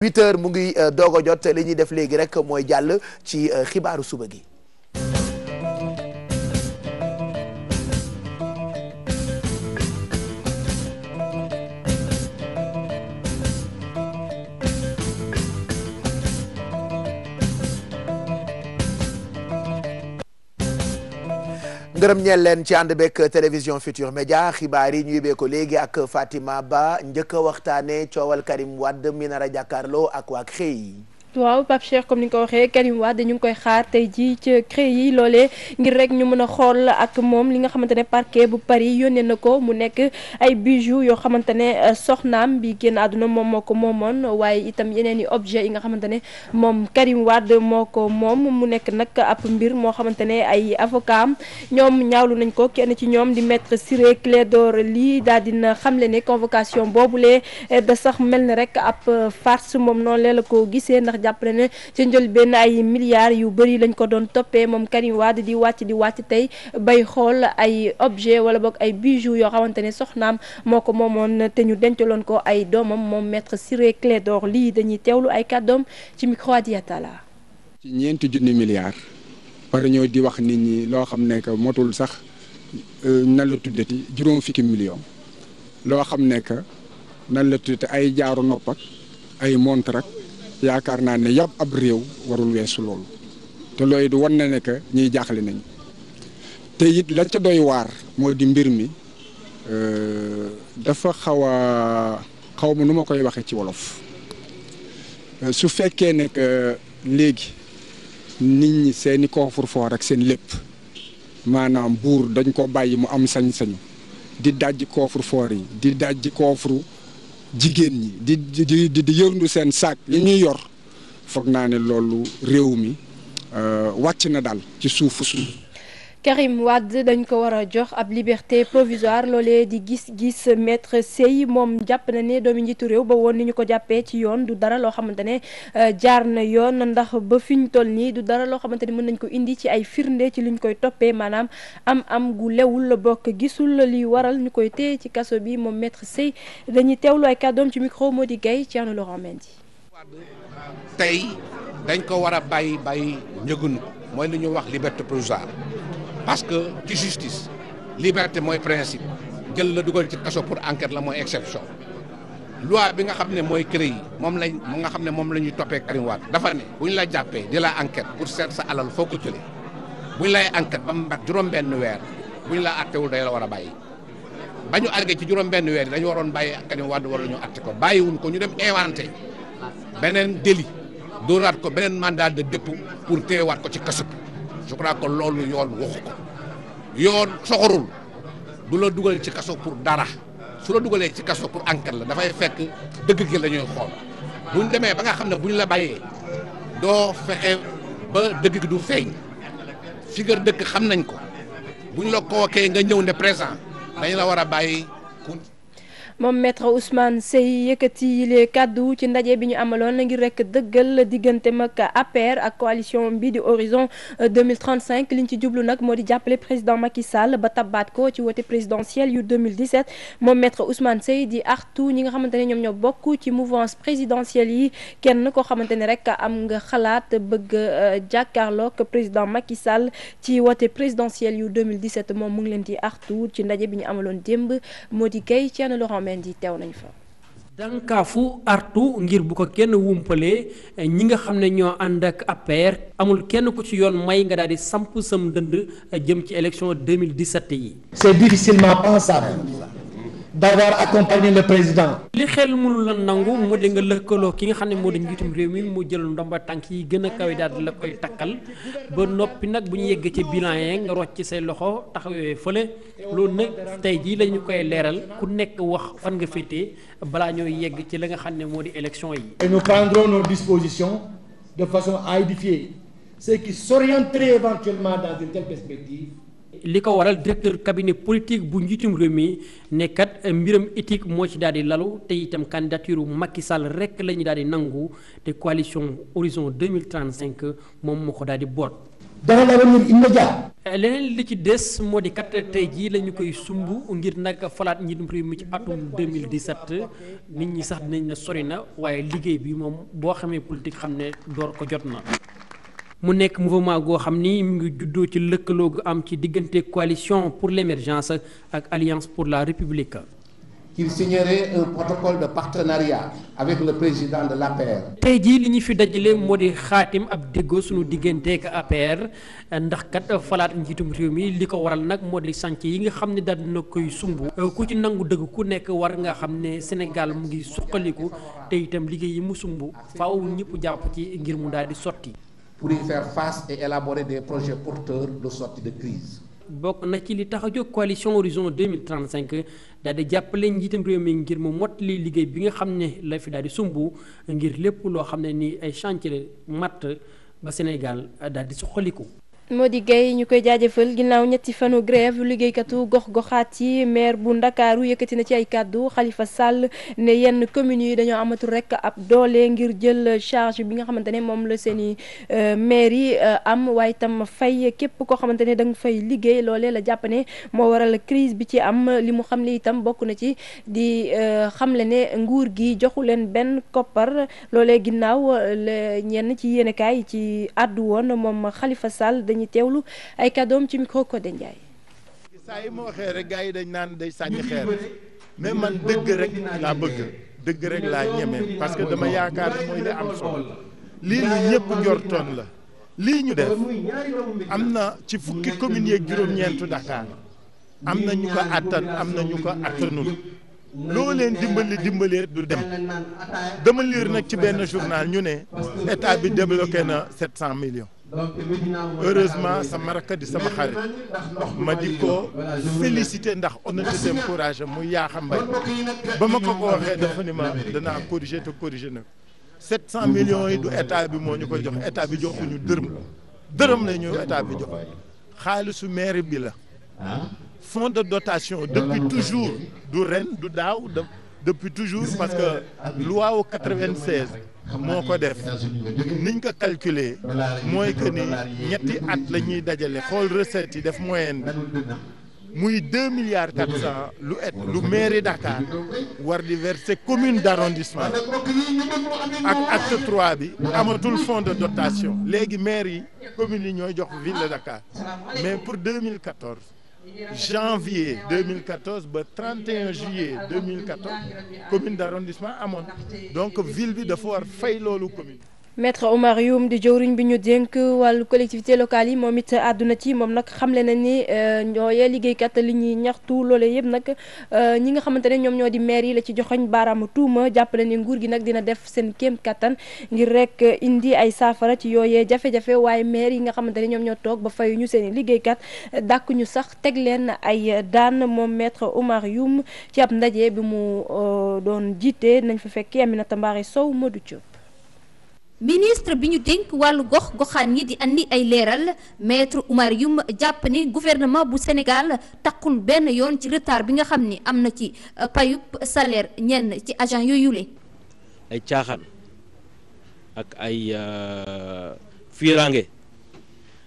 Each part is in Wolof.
8 heures mu ngi euh, doog a jot li ñuy def léegi rek mooy jàll ci euh, xibaaru suba gi. ngërëm ñeel leen ci ànd beeg télévision Futur Média xibaar yi ñuy beeko léegi ak Fatima Ba njëkk a waxtaane coowal Karim Wade mi nar jàkkaarloo ak waa xëy waaw Pape Cheikh comme ni nga ko waxee Karim Wade ñu ngi koy xaar tey jii ci cré yi loole ngir rek ñu mën a xool ak moom li nga xamante ne parquet bu Paris yónnee na ko mu nekk ay bijoux yoo xamante ne euh, soxnaam bi génn àdduna moom moo ko moomoon waaye itam yeneen i objet yi nga xamante ne moom Karim Wade moo ko moom mu nekk nag ab mbir moo xamante ne ay avocat ñoom ñaawlu nañ ko kenn ci ñoom di maître Ciré Clédor Ly daal dina xamle ne convocation boobulee euh, da sax mel ni rek ab farce moom noonu la ko gisee ndax après ne ci njëlbéen ay milliards yu bëri lañ ko doon toppee moom Karim Wade di wàcc di wàcc tey bay xool ay objet wala boog ay bijoux yoo xamante ne soxnaam moo ko moomoon te ñu dencaloon ko ay doomam moom maître Ciré Clédor lii dañuy teewlu ay kàddoom ci micro Adiatala ci ñeenti junni milliards par ñëw di wax nit ñi loo xam ne que motul sax euh, nan la tuddati juróom fukki million loo xam ne que nan la tuddati ay jaaru nopp ak ay montre ak yaakaar naa ne yàpp ab réew warul weesu loolu te looy du wan na ne que ñiy jaaxle nañ te it la ca doy waar moo di mbir mi euh, dafa xaw a xaw ma nu ma koy waxee ci wolof euh, su fekkee ne léegi nit ñi seeni coffre-fort ak seen lépp maanaam buur dañ ko bàyyi mu am sañ-sañu di dajji coffre-fort yi di dajji coffre jigéen ñi di di di yërndu seen saak yi ñuy yor foog naa ne loolu réew mi euh, wàcc na daal ci suufu suuf Karim Wade dañ ko war a jox ab liberté provisoire loolee di gis-gis maître Sey moom jàpp na ne doomi njiitu réew ba woon ni ñu ko jàppee ci yoon du dara loo xamante ne euh, jaar na yoon ndax ba fi toll nii du dara loo xamante ne mën nañ ko indi ci ay firnde ci liñ koy toppee maanaam am am gu lewul la bokk gisul li waral ñu koy téye ci kaso bi moom maître Sey dañuy teewlu ay kàddoom ci micro moo di Gaye Thierno Laurent Mendy tey dañ ko war a bàyyi bàyyi njëgun mooy li ñu wax liberté parce que ci justice liberté mooy principe jël la dugal ci kaso pour enquête la mooy exception loi bi nga xam ne mooy CREI moom lañ mu nga xam ne moom la ñuy toppee Karim Wade dafa ne bu ñu la jàppee di la enquête pour seet sa alal foo ko jëlee bu ñu lay enquête ba mu mat juróom-benn weer bu ñu la attewul day la war a bàyyi ba ñu àggee ci juróom-benn weer yi dañu waroon bàyyi Karim war wala ñu atte ko bàyyiwuñ ko ñu dem inventé beneen délit dooraat ko beneen mandat de dëpp pour téewaat ko ci kaso je crois que loolu yoon waxu ko yoon soxorul du la dugal ci kaso pour dara su la dugalee ci kaso pour enquête la dafay fekk dëgg gi la ñuy xool bu ñu demee ba nga xam ne bu ñu la bàyyee doo fexe ba dëgg gi du feeñ fi dëkk xam nañ ko bu ñu la kookee nga ñëw ne présent dañ la war a bàyyi ku moom maître Ousmane Seye yëkkati yile kàddu ci ndaje bi ñu amaloon ngir rek dëggal diggante mag APR ak coalition bi di horizon 2035 euh, liñ ci jublu nag moo di jàppale président Macky Sall ba tabaat ko ci wote présidentielle yu 2017 moom maître Ousmane Seye di artu ñi nga xamante ne ñoom ñoo bokk ci mouvance présidentielle yi kenn koo xamante ne rek am nga xalaat bëgg euh, jàkkaarloog président Macky Sall ci wote présidentielle yu 2017 moom mu ngi leen di artu ci ndaje bi ñu amaloon démb moo di kay Thierno Laurent Mendy teew nañ fa. dankaafu ngir bu ko kenn wumpalee ñi nga xam ne ñoo ànd ak APR amul kenn ku ci yoon may nga daal di samp sam dënd jëm ci élection 2017 yi. c'est difficilement pensable. d'avoir accompagné le président. li xel mënu la nangu moo di nga lëkkaloo ki nga xam ne moo di njiitum réew mi mu jël ndomba tànk yi gën a kawe daal di la koy takkal ba noppi nag bu ñu yeggee ci bilan yee nga rocc ci say loxo taxawee fële loolu nag tey jii la ñu koy leeral ku nekk wax fan nga féetee balaa ñoo yegg ci la nga xam ne moo di élection yi. et nous prendrons nos dispositions de façon à édifier ceux qui s'orienteraient éventuellement dans une telle perspective. li ko waral directeur cabinet politique bu njiitum réew mi nekkat mbiram éthique moo ci daal di lalu te itam candidature Macky Sall rek la ñu daal di nangu te coalition Horizon 2035 moom moo ko daal di boot. dans l'avenir leneen li ci des moo di kat tey jii la ñu koy sumb ngir nag falaat njiitum réew mi ci atum 2017 nit ñi sax dinañ na sori na waaye liggéey bi moom boo xamee politique xam ne door ko jot na. mu nekk mouvement goo xam ni mu ngi juddoo ci lëkkaloo gu am ci diggante coalition pour l'émergence ak alliance pour la république. qu'il signerait un partenariat avec le tey jii li ñu fi dajalee moo di xaatim ab déggoo suñu digganteeg APR ndax kat falaat njiitum réew mi li ko waral nag moo di sànc yi nga xam ne daal dina koy sumb. ku ci nangu dëgg ku nekk war nga xam ne Sénégal mu ngi suqaliku te itam liggéey yi mu sumb faw ñëpp jàpp ci ngir mu daal di sotti. pour y faire face et élaborer des projets porteurs de sortie de crise. bokk na ci li tax a jóg coalition horizon 2035 daal di jàppale njiitam réew mi ngir mu mottali liggéey bi nga xam ne la fi daal di sumb ngir lépp loo xam ne ni ay chantier matt ba Sénégal daal di suqaliku. Mody Gueye ñu koy jaajëfal ginnaaw ñetti fanu grève liggéeykatu gox-goxaat yi maire bu ndakaaru yëkkati na ci ay kàddu xalifa Sall ne yenn communes yi dañoo amatul rek ab doole ngir jël charge bi nga xamante ne moom la seen i euh, maire yi euh, am waaye itam fay képp koo xamante ne da fay liggéey loolee la jàpp ne moo waral crise bi ci am li mu xam ne itam bokk na ci di euh, xamle ne nguur gi joxu leen benn koppar loolee ginnaaw la ñenn ci yéenekaay yi ci àddu woon moom Khalifa Sall. ñu teewlu ay kàddoom ci micro Codé Ndiaye. saa yi ma waxee rek gars yi dañ naan day sànni xeer mais man dëgg rek laa bëgg dëgg rek laa ñemeen parce que dama yaakaar mooy li am solo lii lu ñëpp njortoon la lii ñu def am na ci fukki commune yeeg juróom-ñeentu Dakar am na ñu ko attan am na ñu ko attanul loo dimbali dimbali du dem dama lire nag ci benn journal ñu ne état bi débloqué na 700 millions. heureusement sama rakk di sama xarit ma di ko félicité ndax honnêteté am courage am muy Yakham ba ma ko ko waxee dafa ni ma danaa corrigé te corrigé na 700 millions yi du état bi moo ñu ko jox état bi jox ñu dërëm dërëm la ñu état bi jox xaalisu maire bi la fonds de dotation depuis toujours du ren du daaw depuis toujours parce que lu loi wu 96 moo ko def niñ ko calculer mooy que ni ñetti at la ñuy dajale xool recette yi def moyenne bi muy deux milliards quatre cent lu et lu mairie Dakar war di verser commune d' arrondissement ak acte trois bi amatul fonds de dotation léegi maire yi communes yi ñooy jox ville de Dakar mais pour 2014 janvier 2014 ba 31 juillet 2014 commune d' arrondissement amoon donc ville bi dafa war fay loolu commune maître Oumar Youm di jëwriñ bi ñu dénk wàllu collectivité locale yi moom it àdduna ci moom nag xamle na ni euh, ñooyee liggéeykat li ñuy ñaxtu loole yëpp nag euh, ñi nga xamante ne ñoom ñoo di maire yi la ci joxoñ baaraamu tuuma jàppale ni nguur gi nag dina def seen kéem kattan ngir rek indi ay saafara ci yooyee jafe-jafe waaye maire yi nga xamante ne ñoom ñoo toog ba fayu ñu seen liggéeykat dàkk ñu sax teg leen ay daan moom maître Oumar Youm ci ab ndaje bi mu euh, doon jiite nañ fa fekk Aminata Mbaare Sow Modou Diop ministre bi ñu dénk wàllu gox goxaan yi di andi ay leeral maître Oumar Youm jàpp ni gouvernement bu Sénégal takkul benn yoon ci retard bi nga xam ni am na ci euh, payub salaire ñenn ci agent yooyule ay caaxaan ak ay euh, firange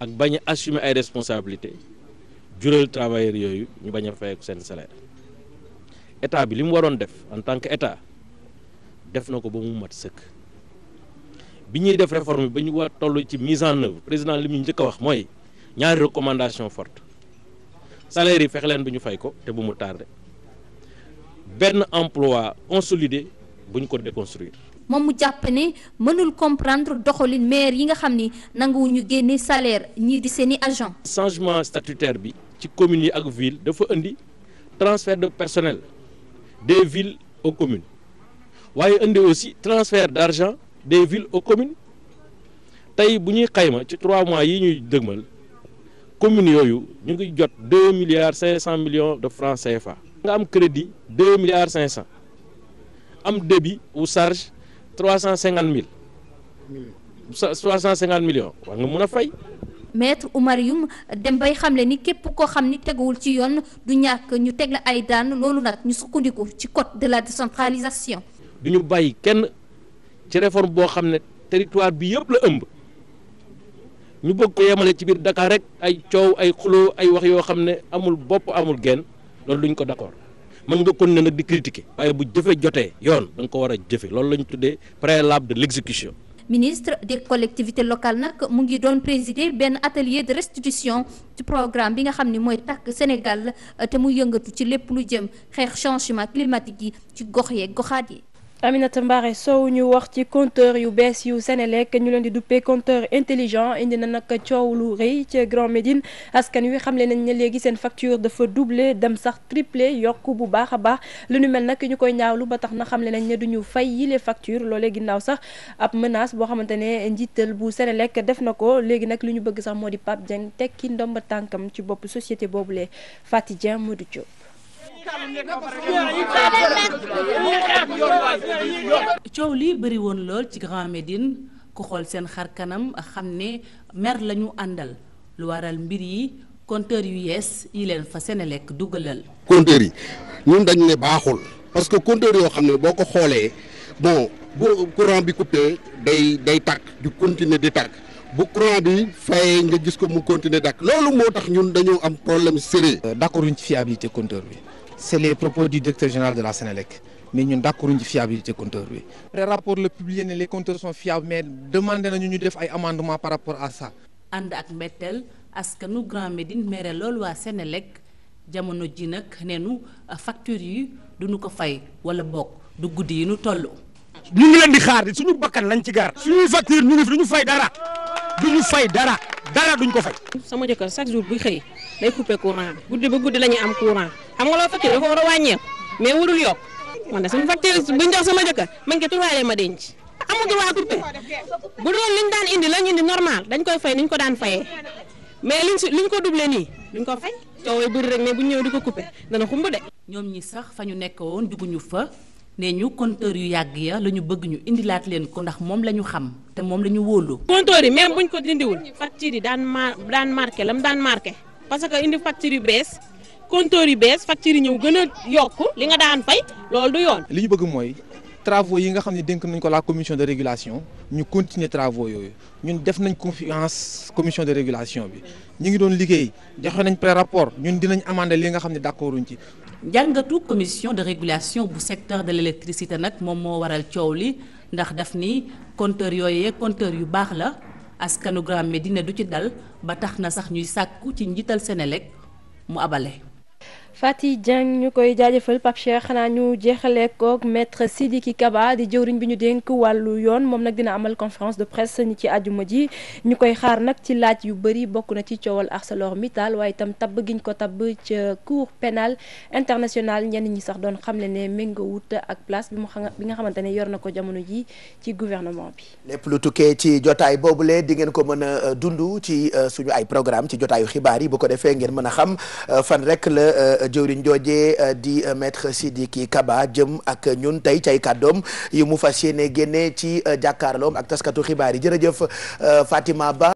ak bañ a ay responsabilité jural travailleurs yooyu ñu bañ a fayeeku seen salaire état bi li mu waroon def en tant que état def na ko ba mu mat sëkk bi ñuy def réforme bi ba ñu war toll ci mise en œuvre président li mu jëkk a wax mooy ñaari recommandation fort salaire yi fexe leen bu ñu fay ko te bu mu tardé benn emploi consolidé bu ñu ko déconstruire. moom mu jàpp ne mënul comprendre doxalin maire yi nga xam ni nanguwuñu génne salaire ñii di seeni agent changement statutaire bi ci commune yi ak ville dafa indi transfert de personnel de ville aux commune waaye indi aussi transfert d' argent des villes au communes tey bu ñuy xayma ci trois mois yi ñuy dëgmal communes yooyu ñu ngi jot deux milliards cinq cent millions de francs CFA. nga am crédit deux milliards cinq cent am débit ou charge trois cent cinquante mille trois cent cinquante millions war nga mën a fay. maître Oumar Youm dem bay xamle ni képp koo xam ni teguwul ci yoon du ñàkk ñu teg la ay daan loolu nag ñu sukkandiku ci code de la décentralisation. du ñu bàyyi kenn. ci réforme boo xam ne territoire bi yëpp la ëmb ñu bëgg ko yemale ci biir Dakar rek ay coow ay xuloo ay wax yoo xam ne amul bopp amul genn loolu duñ ko d'accord mën nga kon ne nag di critiquer waaye bu jëfe jotee yoon da ko war a jëfe loolu la ñu tuddee préalable de l'exécution ministre des collectivités locales nag mu ngi doon présider benn atelier de restitution ci programme bi nga xam ni mooy takk Sénégal te mu yëngatu ci lépp lu jëm xeex changement climatique yi ci gox yeeg goxaat yi Aminata Mbaare Sow ñu wax ci compteur yu bees yu lekk ñu leen di duppee compteur intelligent indi na nag coow lu rëy ci Grand Médine askan wi xamle nañ ne léegi seen facture dafa doublé dem sax triplé yokk bu baax a baax lu nu mel nag ñu koy ñaawlu ba tax na xamle nañ ne duñu fay yile facture loolee ginnaaw sax ab menace boo xamante ne njiital bu lekk def na ko léegi nag lu ñu bëgg sax moo di Pape jang tekki ndomba tànkam ci bopp société boobule Faty Dieng Modou Diop coow li bari woon lool ci Grand Médine ku xool seen xar kanam xam ne mer lañu àndal lu waral mbir yi compteur yu yees yi leen fa lekk dugalal. compteur yi ñun dañ ne baaxul parce que compteur yoo xam ne boo ko xoolee bon bu courant bi coupé day day tàkk di continuer di tàkk bu courant bi fayee nga gis ko mu continuer dàkk loolu moo tax ñun dañoo am problème sérieux. d'accord ñu ci fiabilité bi. c'est les propos du directeur général de la Sénélec mais ñun d'accorduñ ci fiabilité compteur bi. après rapport la publier ne les compteurs sont fiables mais demandé nañu ñu def ay amendement par rapport à ça. ànd ak mbetteel askanu Grand Médine mere loolu waa Sénélec jamono ji nag neenu facture yi duñu ko fay wala bokk du guddi yi nu toll. ñu ngi leen di xaar di suñu bakkan lañ ci gaar suñuy facture ñu fay dara duñu fay dara dara duñ ko fay. sama jëkkër chaque jour bu xëy xam nga loo facture dafa war a wàññeeku mais warul yokk man de suñu facture buñ jox sama jëkkër man ke turaalee ma denc amul droit coupé bu doon liñ daan indi lañ indi normal dañ koy fay niñ ko daan fayee mais liñ si liñ ko doublé nii duñ ko fay coowee bëri rek mais buñ ñëw di ko coupé dana de. ñoom ñi sax fa ñu nekk woon dugguñu fa ne ñu compteur yu yàgg ya la ñu bëgg ñu indilaat leen ko ndax moom la ñu xam te moom la ñu wóolu. compteur yi même buñ ko dindiwul facture yi daan ma daan marqué lam daan marqué parce que indi facture yu bees. compteur yi bees facture yi ñëw gën a yokk li nga daan fay loolu du yoon. li ñu bëgg mooy travaux yi nga xam ne dénk nañ ko la commission de régulation ñu continuer travaux yooyu ñun def nañ confiance commission de régulation bi ñu ngi doon liggéey joxe nañ pré rapport ñun dinañ amandé li nga xam ne d'accorduñ ci. njàngatu commission de régulation bu secteur de l'électricité nag moom moo waral coow li ndax daf ni compteur yooyee compteur yu baax la askanu Grand Médine du ci dal ba tax na sax ñuy sàkku ci njiital Senelec mu abale yi Dieng ñu koy jaajëfal Pape Cheikh xanaa ñu jeexalee koog maître Sidiki Kaba di jëwriñ bi ñu dénk wàllu yoon moom nag dina amal conférence de presse ni ci àjjuma ji ñu koy xaar nag ci laaj yu bëri bokk na ci coowal mittal waaye itam tabb giñ ko tabb ca cour pénale international ñenn ñi sax doon xamle ne méngoo wut ak place bi mu xam bi nga xamante ne yor na ko jamono ji ci guvernement bi. lépp lu tukkee ci jotaay boobule di ngeen ko mën a euh, dund ci euh, suñu ay programme ci jotaayu xibaar yi bu ko defee ngeen mën a xam euh, fan rek la. jëwriñ joojee euh, di euh, maître Sidiki Kaba jëm ak ñun tey cay kàddoom yu mu fas yéene génnee ci euh, jàkkaarloom ak taskatu xibaar yi jërëjëf Fatima Ba